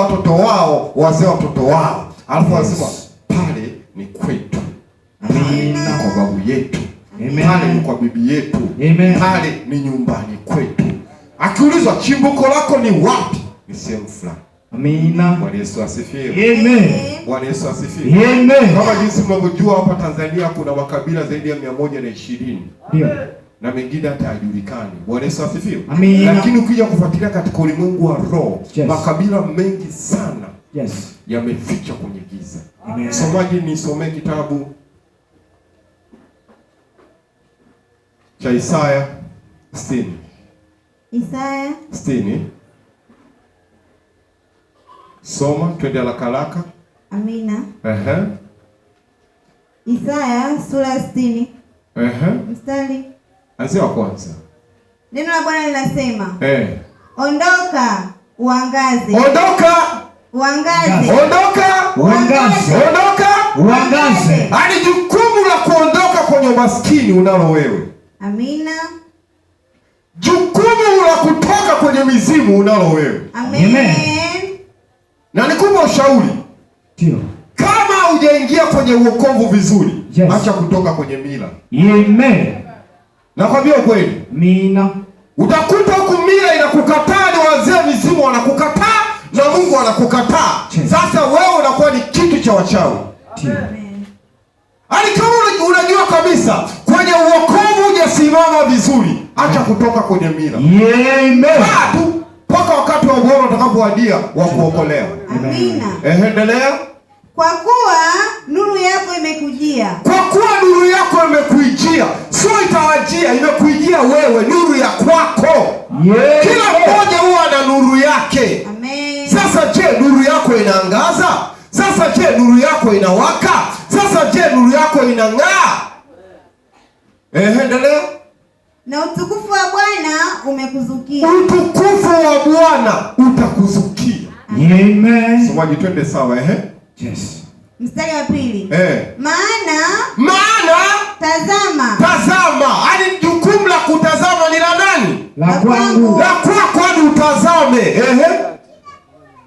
watoto wao, wazee watoto wao, alafu wanasema pale ni kwetu, kwa babu yetu pale ni kwa bibi yetu, pale ni nyumbani kwetu. Akiulizwa chimbuko lako ni wapi, ni sehemu fulani. Amina. Bwana Yesu asifiwe. Amen. Bwana Yesu asifiwe. Amen. Kama jinsi mnavyojua hapa Tanzania kuna makabila zaidi ya 120. Ndio na mengine hata hayajulikani. Bwana Yesu asifiwe. Lakini ukija kufuatilia katika ulimwengu wa roho yes. makabila mengi sana yes. yameficha kwenye giza. Msomaji, nisomee kitabu cha Isaya 60. Isaya 60. Soma twende haraka haraka. Amina. Ehe. Isaya sura 60. Ehe. Mstari Anasema kwanza. Neno la Bwana linasema, eh, ondoka uangaze. Ondoka uangaze. Ondoka uangaze. Ondoka uangaze. Hadi yaani jukumu la kuondoka kwenye umaskini unalo wewe. Amina. Jukumu la kutoka kwenye mizimu unalo wewe. Amen. Na nikupa ushauri. Ndio. Kama hujaingia kwenye uokovu vizuri, yes, acha kutoka kwenye mila. Amen. Nakwambia ukweli. Mina. Utakuta huku mila inakukataa, ni wazee mizimu wanakukataa na Mungu anakukataa. Sasa wewe unakuwa ni kitu cha wachawi. ani kama unajua kabisa kwenye uokovu hujasimama vizuri, acha kutoka kwenye mila. Amen. Mpaka wakati wa ubora utakapowadia wa kuokolewa. Amina. Endelea. Kwa kuwa nuru yako imekujia, kwa kuwa nuru yako imekujia, sio itawajia, imekujia wewe, nuru ya kwako. Yeah. Kila mmoja huwa na nuru yake. Amen. Sasa je, nuru yako inaangaza? Sasa je, nuru yako inawaka? Sasa je, nuru yako inang'aa? Ehe, endelea. Na utukufu wa Bwana umekuzukia, utukufu wa Bwana utakuzukia. Amen. Somaji, twende sawa, ehe Yes. Mstari wa pili. Eh. Maana maana tazama tazama, hadi yaani jukumu la kutazama ni la nani? La kwangu. La kwako hadi yaani utazame. Ehe.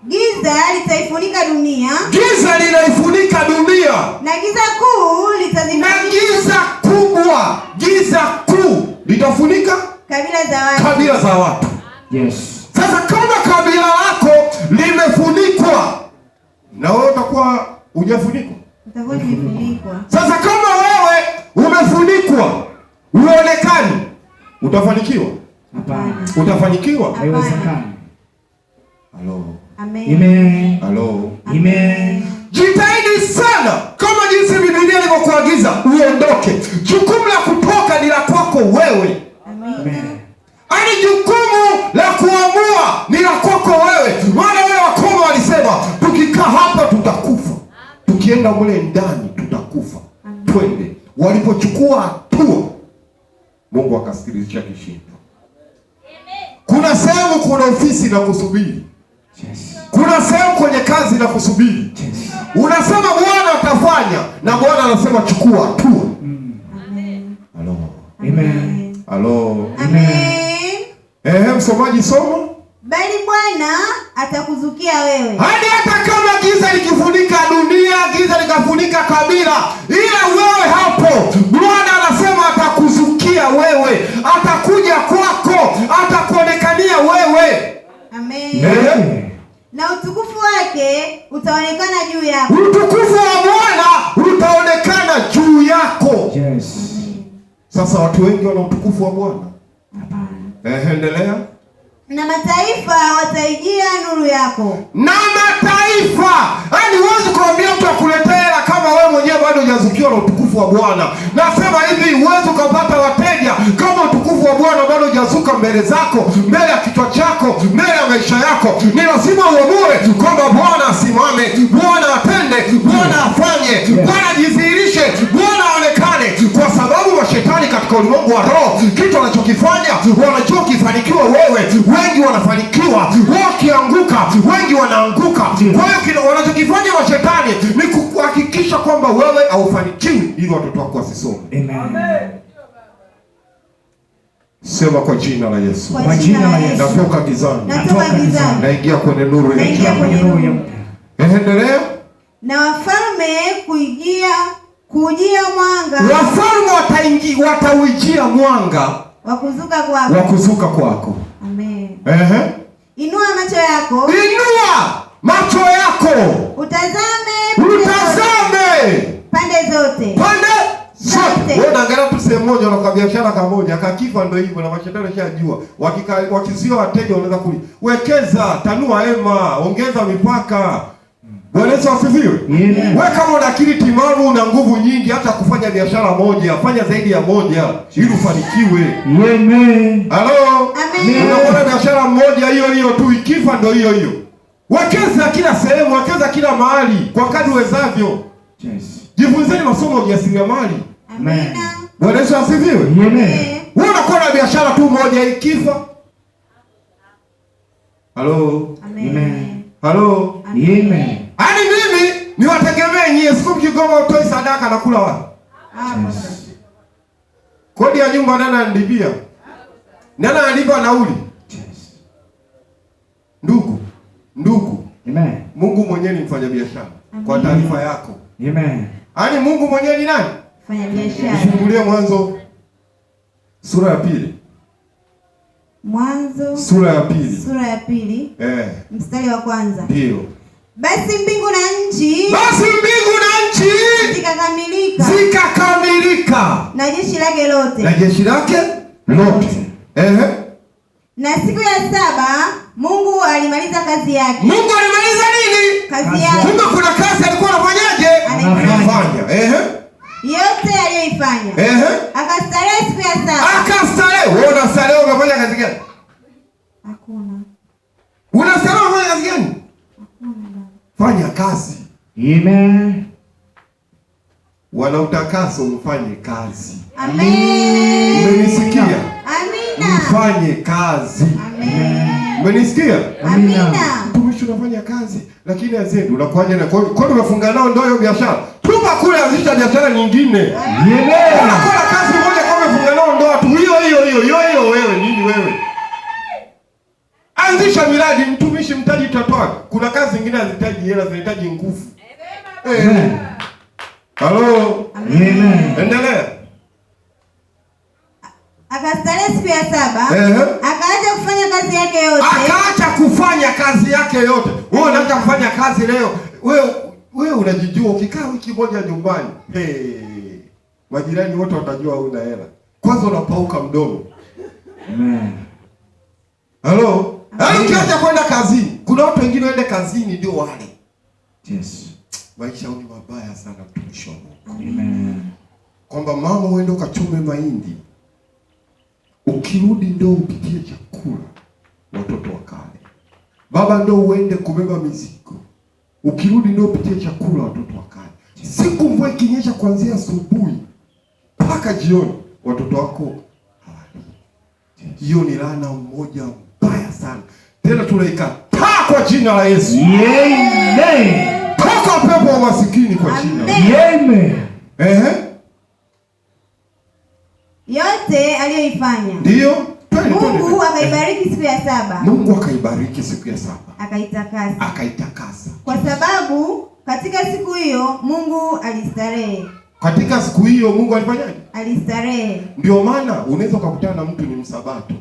Giza litaifunika dunia. Giza linaifunika dunia. Na giza kuu litazima. Na giza kubwa, giza kuu litafunika kabila za watu. Kabila za watu. Yes. Sasa kama kabila lako limefunikwa na wewe utakuwa hujafunikwa. Sasa kama wewe umefunikwa uonekani, utafanikiwa? Hapana. Utafanikiwa? Haiwezekani. Halo. Amen. Amen. Amen. Jitahidi sana kama jinsi Biblia ilivyokuagiza uondoke. Jukumu la kutoka ni la kwako wewe. Amen. Amen ani jukumu la kuamua ni la kwako wewe. Maana wale wakoma walisema tukikaa hapa tutakufa, tukienda mule ndani tutakufa, twende. Walipochukua hatua, Mungu akasikilizisha kishindo. Kuna sehemu, kuna ofisi na kusubiri Kuna sehemu kwenye kazi na kusubiri Unasema Bwana atafanya, na Bwana anasema chukua hatua. Mm. Amen. amen. Ehe, msomaji, somo bali Bwana atakuzukia wewe. Hadi hata kama giza likifunika dunia, giza likafunika kabila, ila wewe hapo, Bwana anasema atakuzukia wewe, atakuja kwako, atakuonekania wewe. Amen. Amen. Na utukufu wake utaonekana juu yako. Utukufu wa Bwana utaonekana juu yako. Yes. Sasa watu wengi wana utukufu wa Bwana Eh, endelea. Na mataifa wataijia nuru yako. Na mataifa, yaani huwezi kuambia mtu akuletee hela kama wewe mwenyewe bado hujazikiwa na utukufu wa Bwana. Nasema hivi, huwezi ukapata wateja kama utukufu wa Bwana bado hujazuka mbele zako, mbele ya kichwa chako, mbele ya maisha yako. Ni lazima uamue kwamba Bwana asimame, Bwana atende, Bwana afanye, Bwana jidhihirishe, Bwana kwa sababu washetani katika ulimwengu wa roho kitu wanachokifanya wanajua, ukifanikiwa wewe wengi wanafanikiwa, wakianguka wengi wanaanguka. Kwa hiyo wanachokifanya washetani ni kuhakikisha kwamba wewe haufanikiwi ili watoto wako wasisome. Amen. Sema kwa jina la Yesu, kwa jina la Yesu, natoka gizani, natoka gizani, naingia kwenye nuru ya Mungu. Endelea. Na wafalme kuingia kujia mwanga. Wafalme wataingia watauijia mwanga wa kuzuka kwako. Wa kuzuka kwako. Amen. Ehe. Inua macho yako. Inua macho yako. Utazame. Utazame. Pande zote. Pande zote. Wewe unaangalia tu sehemu moja na kwa biashara kamoja, kakifa ndio hivyo na mashetani shajua. Wakizio wateja wanaweza kuli. Wekeza, tanua hema, ongeza mipaka. Bwana Yesu asifiwe. Wewe kama una akili timamu na nguvu nyingi hata kufanya biashara moja, fanya zaidi ya moja ili ufanikiwe. Amen. Amen. Unaona biashara moja hiyo hiyo tu ikifa ndio hiyo hiyo. Wekeza kila sehemu, wekeza kila mahali kwa kadri uwezavyo. Yes. Jifunzeni masomo ya ujasiriamali. Amen. Bwana Yesu asifiwe. Amen. Wewe unakuwa na biashara tu moja ikifa. Hello. Amen. Amen. Amen ani mimi niwategemee nyie, siku mkigoma utoi sadaka na kula wapi? Kodi ya nyumba nani ananilipia? Nani analipa nauli? Yes. Ndugu, ndugu. Amen. Mungu mwenyewe ni mfanya biashara. Kwa taarifa yako. Amen. Yaani Mungu mwenyewe ni nani? Mfanya biashara. Fungulie Mwanzo sura ya pili. Mwanzo sura ya pili. Sura ya pili. Eh. Mstari wa kwanza. Ndio. Basi mbingu na nchi, basi mbingu na nchi zikakamilika, zikakamilika na jeshi lake lote, na jeshi lake lote. Ehe. Na siku ya saba Mungu alimaliza kazi yake. Mungu alimaliza nini? Kazi yake. Kumbe kuna kazi alikuwa anafanyaje? Anafanya. Ehe. Yote aliyoifanya. Ehe. Akastarehe siku ya saba. Akastarehe. Wewe unastarehe unafanya kazi gani? Hakuna. Unastarehe unafanya kazi gani? fanya kazi. Amen. Wana utakaso mfanye kazi. Amen. Umenisikia? Amina. Mfanye kazi. Amen. Umenisikia? Amina. Mtumishi unafanya kazi lakini azedu unakuaje na kwa kwa umefunga nao ndio hiyo biashara. Tuma kule anzisha biashara nyingine. Amen. Kwa kazi moja kwa umefunga nao ndoa hiyo hiyo hiyo hiyo hiyo wewe nini wewe? Anzisha miradi, mtumishi mtaji utatoa. Kuna kazi zingine hazihitaji hela, zinahitaji nguvu. Halo, eh. endelea. Akastarehe siku ya saba, akaacha kufanya kazi yake yote, akaacha kufanya kazi yake yote. Wewe unaacha kufanya kazi leo, wewe wewe unajijua. Ukikaa wiki moja nyumbani, hey, majirani wote watajua huna hela. Kwanza unapauka mdomo. Halo. Ukiacha kwenda kazini, kuna watu wengine waende kazini ndio wale. Yes. Maisha ni mabaya sana mtumishi wa Mungu. Amen. Kwamba mama uende ukachume mahindi, ukirudi ndio upikie chakula watoto wakale. Baba ndio uende kubeba mizigo, ukirudi ndio upikie chakula watoto wakale. Siku mvua ikinyesha kuanzia asubuhi mpaka jioni, watoto wako hawali. Hiyo ni laana moja sana, tena tunaikataa kwa jina la Yesu. Amen. Toka pepo wa masikini kwa jina la Amen. Ehe, yote aliyoifanya ndio Mungu akaibariki siku ya saba. Mungu akaibariki siku ya saba. Akaitakasa. Akaitakasa. Kwa sababu katika siku hiyo Mungu alistarehe. Katika siku hiyo Mungu alifanyaje? Alistarehe. Ndio maana unaweza kukutana na mtu ni msabato.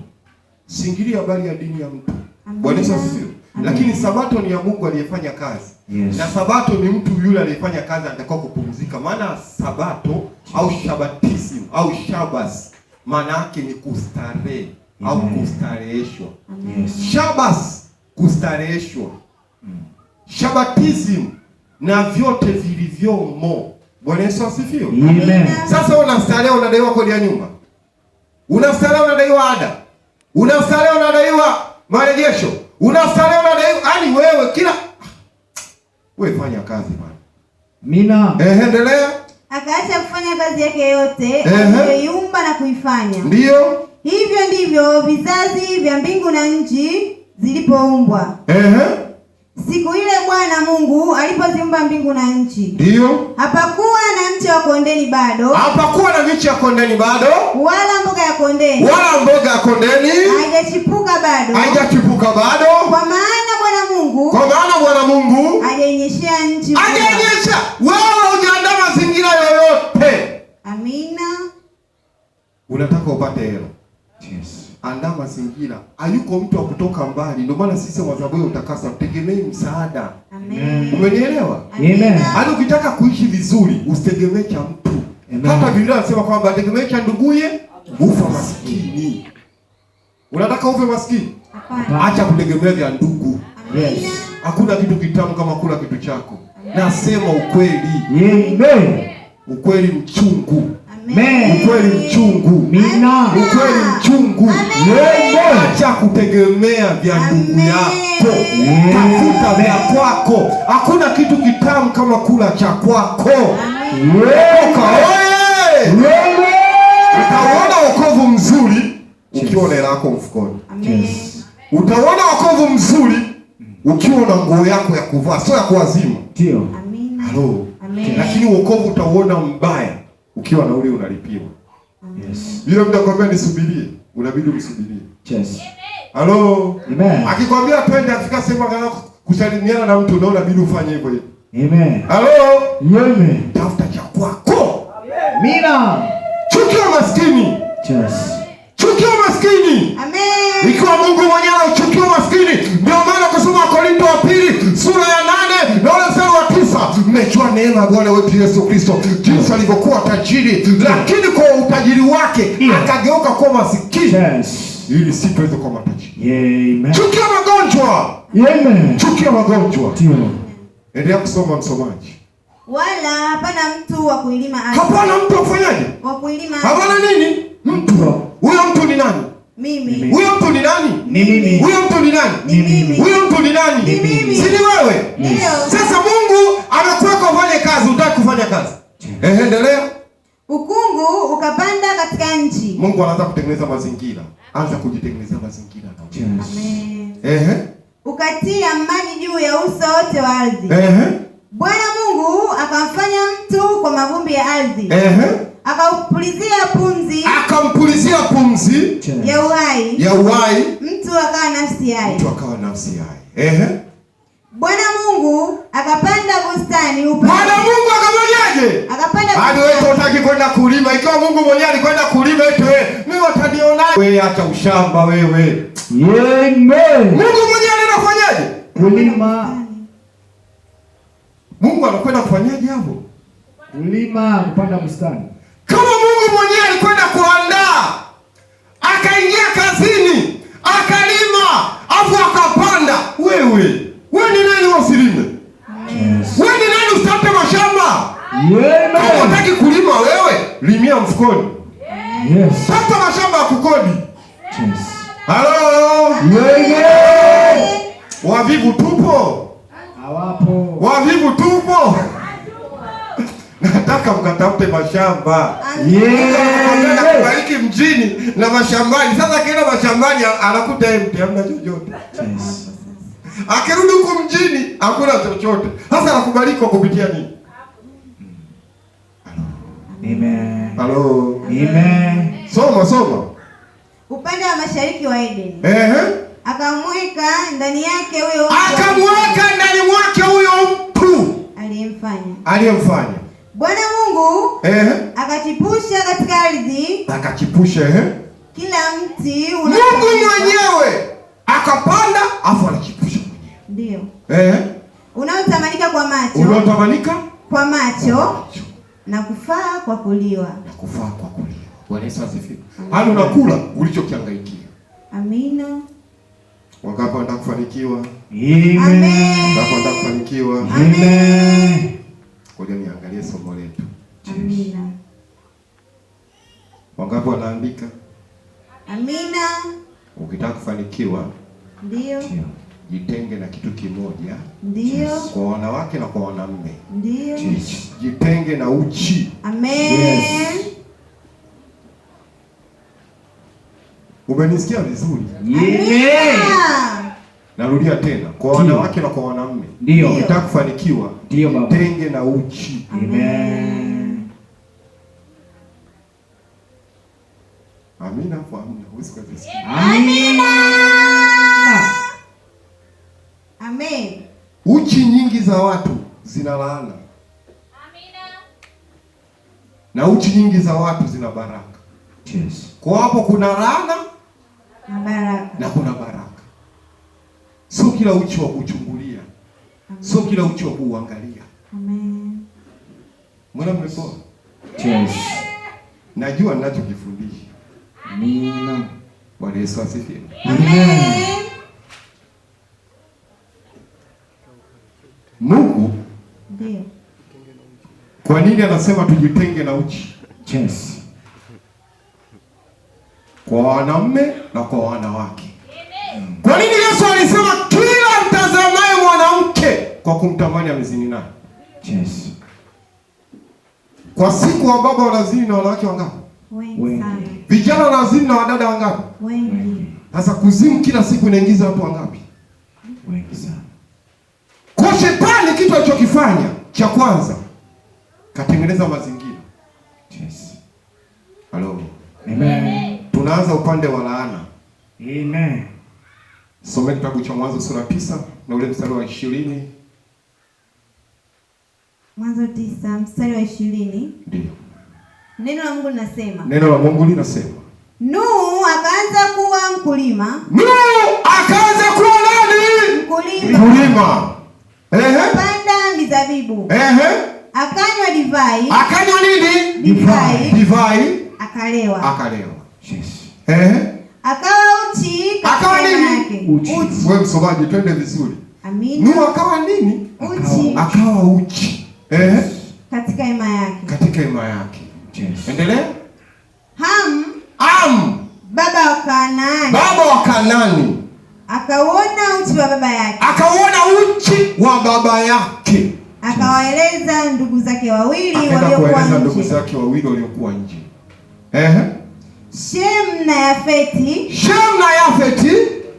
Singili habari ya dini ya mtu. Bwana Yesu asifiwe. Lakini sabato ni ya Mungu aliyefanya kazi. Yes. Na sabato ni mtu yule aliyefanya kazi anatakiwa kupumzika. Maana sabato au shabatism au shabas maana yake ni kustarehe au kustareheshwa. Yes. Shabas kustareheshwa. Mm. Shabatism na vyote vilivyomo. Bwana Yesu asifiwe. Sasa unastarehe unadaiwa kodi ya nyumba. Unastarehe unadaiwa ada unastarehe unadaiwa marejesho, unastarehe unadaiwa yani, wewe kila wewe fanya kazi bwana. Mina eh, endelea. Akaacha kufanya kazi yake yote aliyoiumba na kuifanya. Ndio. hivyo ndivyo vizazi vya mbingu na nchi zilipoumbwa. Ehe. Siku ile Bwana Mungu alipoziumba mbingu na nchi. Ndio. Hapakuwa na mti wa kondeni bado. Hapakuwa na mti wa kondeni bado. Wala kondeni, wala mboga ya kondeni haijachipuka bado, haijachipuka bado, kwa maana Bwana Mungu, kwa maana Bwana Mungu hajainyeshea nchi, hajainyesha. Wewe hujaandaa mazingira yoyote. Amina. Unataka upate hela, yes. Andaa mazingira. Hayuko mtu wa kutoka mbali, ndio maana sisi wazabuyo utakasa, tegemei msaada. Umenielewa? Hata ukitaka kuishi vizuri usitegemee cha mtu. Hata Biblia inasema kwamba tegemee cha nduguye ufa maskini. Unataka ufe maskini? Acha kutegemea vya ndugu. Yes. Hakuna kitu kitamu kama kula kitu chako. Nasema ukweli. Amen. Ukweli mchungu. Amen. Ukweli mchungu. Mina. Ukweli mchungu. Amen. Acha kutegemea vya ndugu yako. Tafuta vya kwako. Hakuna kitu kitamu kama kula cha kwako. Amen. Amen. Utaona mzuri ukiwa na hela yako mfukoni. Utaona wokovu mzuri ukiwa na nguo yako ya kuvaa, sio ya kuwazima. Ndio. Halo. Lakini wokovu utauona mbaya ukiwa na ule unalipiwa. Yes. Yule mtu akwambia nisubirie, unabidi usubirie. Yes. Halo. Amen. Akikwambia twende afika sehemu angalau kusalimiana na mtu, ndio unabidi ufanye hivyo hivyo. Amen. Halo. Amen. Tafuta cha kwako. Amen. Mina. Chukia maskini. Yes. Chukia maskini. Amen. Ikiwa Mungu mwenyewe uchukia maskini, ndio maana kusoma Korinto wa pili sura ya nane na ule mstari wa tisa mmejua neema ya Bwana wetu Yesu Kristo jinsi alivyokuwa tajiri, lakini kwa utajiri wake akageuka kuwa masikini yes ili si tuweze kuwa matajiri. Amen. Chukia magonjwa. Amen. Chukia magonjwa. Ndio. Endelea kusoma msomaji. Wala hapana mtu wa kuilima ardhi. Hapana mtu wa kufanyaje? Wa kuilima Hapana nini? mtu huyo mtu ni nani? Mimi. Huyo mtu ni nani? Ni mimi. Huyo mtu ni nani? Ni mimi. Huyo mtu ni nani? Ni mimi. Si ni wewe? Ndio. Sasa Mungu anataka ufanye kazi, unataka kufanya kazi. Ehe, endelea. Ukungu ukapanda katika nchi. Mungu anaanza kutengeneza mazingira. Anza kujitengenezea mazingira. Amen. Ehe. Ukatia maji juu ya uso wote wa ardhi. Ehe. Bwana Mungu akamfanya mtu kwa mavumbi ya ardhi. Ehe akaupulizia pumzi akampulizia pumzi ya uhai ya uhai, mtu akawa nafsi hai, mtu akawa nafsi hai. Ehe, Bwana Mungu akapanda bustani upande. Bwana Mungu akafanyaje? Akapanda bado. Wewe unataka kwenda kulima, ikiwa Mungu mwenyewe alikwenda kulima, eti wewe mimi watanionaje? Wewe acha ushamba wewe. Amen. Mungu mwenyewe kufanyaje Kulima. Mungu anakwenda kufanyaje hapo? Kulima, kupanda bustani. Kama Mungu mwenyewe alikwenda kuandaa, akaingia kazini, akalima, afu akapanda, wewe wewe ni nani wasilime? Yes. Wewe ni nani usipate mashamba? kama unataka kulima wewe, limia mfukoni. Yes. Sasa mashamba ya kukodi. Yes. Halo. Wewe. Wavivu tupo? Hawapo. Wavivu tupo? Nataka mkatafute mashamba bariki mjini na mashambani. Sasa akienda mashambani anakuta mti hamna chochote yes. Akirudi huku mjini hakuna chochote. Sasa anakubalika kupitia nini? Amen. Halo, soma soma, upande wa mashariki wa Edeni. Eh. akamweka ndani yake huyo, akamweka ndani mwake huyo mtu aliyemfanya aliyemfanya Bwana Mungu eh, akachipusha katika ardhi, akachipusha eh, kila mti Mungu mwenyewe akapanda, afu alichipusha mwenyewe, ndio eh, unaotamanika kwa macho, unaotamanika kwa macho na kufaa kwa kuliwa, na kufaa kwa kuliwa. Bwana Yesu asifiwe. Hadi unakula ulichokiangaikia. Amina. Wangapi ndakufanikiwa. Amen. Wangapi ndakufanikiwa. kufanikiwa? Amen ngoja niangalie somo letu. Amina. Wangapi wanaandika? Amina. Ukitaka kufanikiwa ndio jitenge na kitu kimoja. Ndio. Kwa wanawake na kwa wanaume. Ndio. Jitenge na uchi. Amen. Yes. Umenisikia vizuri? Yeah. Narudia tena kwa wanawake na kwa wanaume, ndio unataka kufanikiwa, ndio baba, tenge na uchi. Amen, amina kwa amina, huwezi kabisa, amina, amen. Uchi nyingi za watu zina laana, amina, na uchi nyingi za watu zina baraka. Yes, kwa hapo kuna laana na baraka, na kuna baraka Sio kila uchi wa kuchungulia, sio kila uchi wa kuangalia. Amen. Mwana mmepoa? Yes. Najua ninachokifundisha. Amina. Bwana Yesu asifiwe. Amen. Mungu ndiyo. Kwa nini anasema tujitenge na uchi? Yes. Kwa wanaume na kwa wanawake. Kwa nini Yesu alisema anacheza naye mwanamke kwa kumtamani amezini naye. Yes. Kwa siku wa baba wanazini na wanawake wangapi? Wengi. Vijana wanazini na wadada wangapi? Wengi. Sasa kuzimu kila siku inaingiza watu wangapi? Wengi sana. Kwa shetani kitu alichokifanya cha kwanza katengeneza mazingira. Yes. Hello. Amen. Tunaanza upande wa laana. Amen. Somea kitabu cha Mwanzo sura tisa na ule mstari wa ishirini. Mwanzo tisa mstari wa ishirini. Ndiyo. Neno la Mungu linasema. Neno la Mungu linasema. Nuhu akaanza kuwa mkulima. Nuhu akaanza kuwa nani? Mkulima. Mkulima. Ehe. Kupanda mizabibu. Ehe. Akanywa divai. Akanywa nini? Divai. Divai. Akalewa. Akalewa. Yes. Ehe akawa uchi akawa nini? Uchi. Wewe msomaji, twende vizuri. Amina. Nuhu akawa nini? Uchi. Akawa uchi. Eh? Katika hema yake. Katika hema yake. Yes. Endelea. Ham. Ham. Baba wa Kanaani. Baba wa Kanaani. Akauona uchi wa baba yake. Akauona uchi wa baba yake. Akawaeleza ndugu zake wawili waliokuwa nje. Akawaeleza ndugu zake wawili waliokuwa nje. Eh? Shem na Yafeti, Shem na Yafeti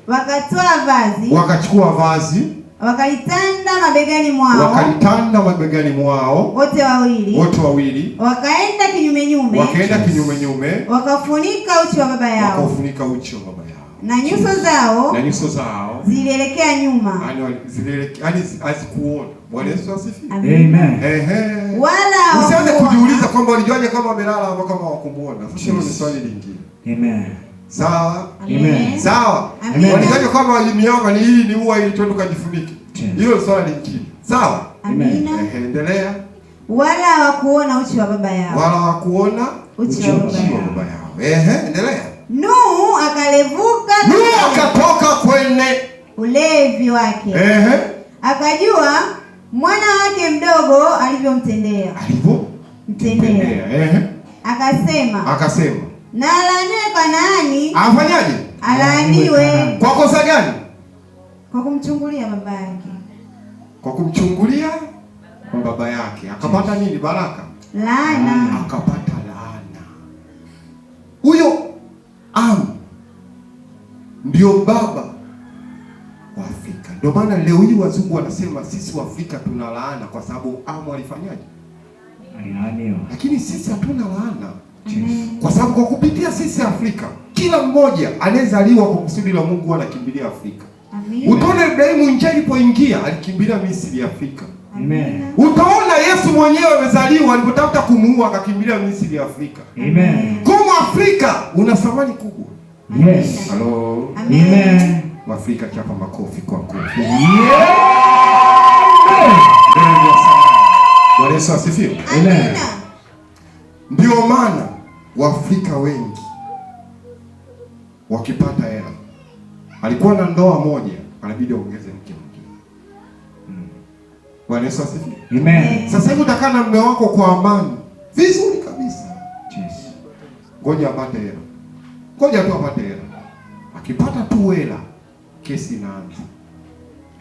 wakatoa vazi, wakachukua vazi wakalitanda mabegani mwao, wakalitanda mabegani mwao wote wawili, wote wawili wakaenda kinyume nyume, wakaenda kinyume nyume, wakafunika uchi wa baba yao, Wakafunika uchi wa baba yao na nyuso zao na nyuso zao zilielekea nyuma, yaani hazikuona. Bwana Yesu asifiwe, amen. Ehe, wala usianze kujiuliza kwamba walijuaje kama wamelala au kama hawakumuona. Hilo ni swali lingine. Amen, sawa, amen, sawa. amen. Walijuaje kama mianga ni hii ni huwa ili twende tukajifunike? Hilo swali lingine, sawa, amen. Ehe, endelea. Wala hawakuona uchi wa baba yao, wala hawakuona uchi wa baba yao. Ehe, endelea Nuhu akalevuka, Nuhu akatoka kwenye ulevi wake. Ehe. Akajua mwana wake mdogo alivyomtendea, alivyomtendea. Ehe. Akasema, akasema na alaaniwe Kanaani. Afanyaje? Alaaniwe. Kwa kosa gani? Kwa kumchungulia baba yake, kwa kumchungulia baba yake akapata nini? Baraka, laana akapata ndio baba wa Afrika. Ndio maana leo hii wazungu wanasema sisi wa Afrika tuna laana, kwa sababu Amu alifanyaje? Alilaaniwa, lakini sisi hatuna laana kwa sababu kwa kupitia sisi Afrika kila mmoja anayezaliwa kwa kusudi la Mungu anakimbilia Afrika. Utaona Ibrahimu nje alipoingia alikimbilia Misri Afrika. Amen. Utaona Yesu mwenyewe amezaliwa alipotafuta kumuua akakimbilia Misri Afrika. Amen. Kwa Afrika una thamani kubwa. Yes. Hello. Amen. Waafrika chapa makofi kwa kofi. Bwana Yesu asifiwe. Amen. Ndio maana Waafrika wengi wakipata hela, alikuwa na ndoa moja, anabidi aongeze mke mwingine. Hmm. Bwana Yesu asifiwe. Amen. Sasa hivi utakaa na mume wako kwa amani vizuri kabisa. Ngoja apate hela Ngoja tu apate hela. Akipata tu hela, kesi inaanza.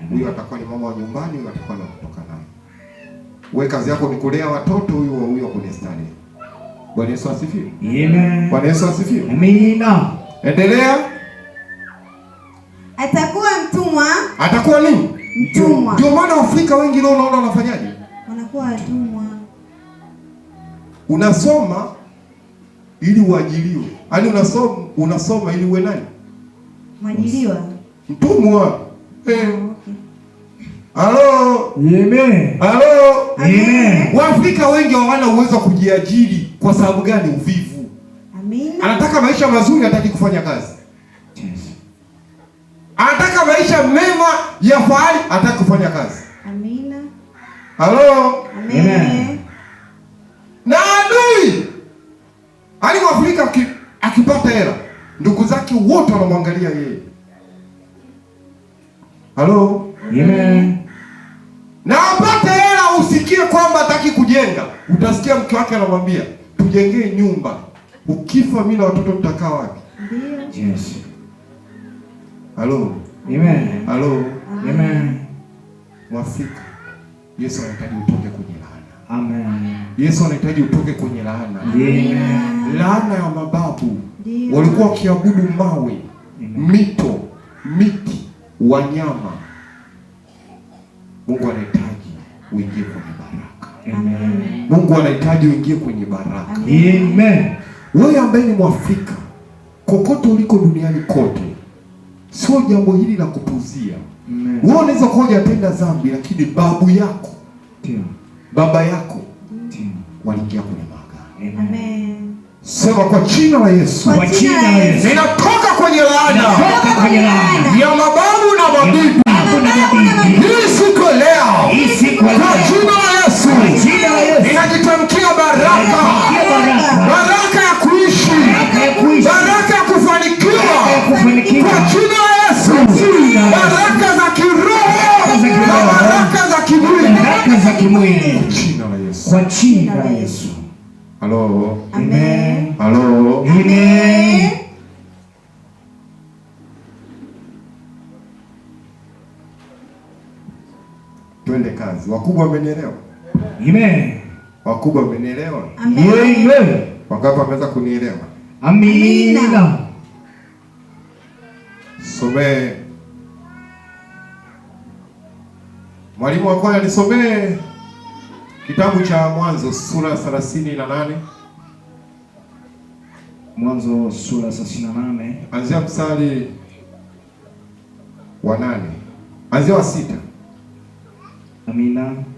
Mhm. Huyu atakuwa ni mama wa nyumbani, huyu atakuwa na kutoka naye. Wewe kazi yako ni kulea watoto, huyu huyu kwenye stani. Bwana Yesu asifiwe. Amen. Bwana Yesu asifiwe. Amina. Endelea. Atakuwa mtumwa. Atakuwa nini? Mtumwa. Ndio maana Afrika wengi leo unaona wanafanyaje? Wanakuwa watumwa. Unasoma ili uajiliwe. Yaani unasoma unasoma ili uwe nani? Mwajiliwa. Mtumwa. Ah, eh. Halo. Amen. Halo. Amen. Waafrika wengi hawana uwezo wa kujiajiri kwa sababu gani? Uvivu. Amen. Anataka maisha mazuri, hataki kufanya kazi. Anataka maisha mema ya fahari, hataki kufanya kazi. Amina. Halo. Amen. Na adui. Hali yaani Mwafrika akipata hela ndugu zake wote wanamwangalia yeye. Halo, amen. Na apate hela, usikie kwamba hataki kujenga. Utasikia mke wake anamwambia tujengee nyumba, ukifa mimi na watoto tutakaa wapi? Yes. Halo, amen. Halo, amen. Mwafika, Yesu anahitaji utoke kwenye laana. Amen. Yesu anahitaji utoke kwenye laana. Amen. Laana ya mababu walikuwa wakiabudu mawe, mito, miti, wanyama. Mungu anahitaji uingie kwenye baraka Amen. Mungu anahitaji uingie kwenye baraka Amen. Wewe ambaye ni Mwafrika kokote uliko duniani kote, sio jambo hili la kupuzia. Wewe unaweza kuwa hujatenda dhambi, lakini babu yako Tia. baba yako waliingia kwenye maagano Amen. Sema kwa jina la Yesu. Kwa jina la Yesu. Ninatoka kwenye laana. Ninatoka kwenye laana. Ya mababu na mabibi. Mababu na Hii siku leo. Hii siku leo. Kwa jina la Yesu. Kwa jina la Yesu. Ninajitamkia baraka. Baraka ya kuishi. Baraka ya kufanikiwa. Kwa jina la Yesu. Baraka za kiroho. baraka za kimwili. Baraka za kimwili. Kwa jina la Yesu. Kwa jina la Yesu. Halo. Amen. Halo. Amen. Twende kazi. Wakubwa wamenielewa? Amen. Wakubwa wamenielewa? Amen. Wangapi wameweza kunielewa? Amina. Somee. Mwalimu wako alisomee. Kitabu cha Mwanzo sura na nane Mwanzo sura na nane Anzia mstari wa nane. Anzia wa sita. Amina.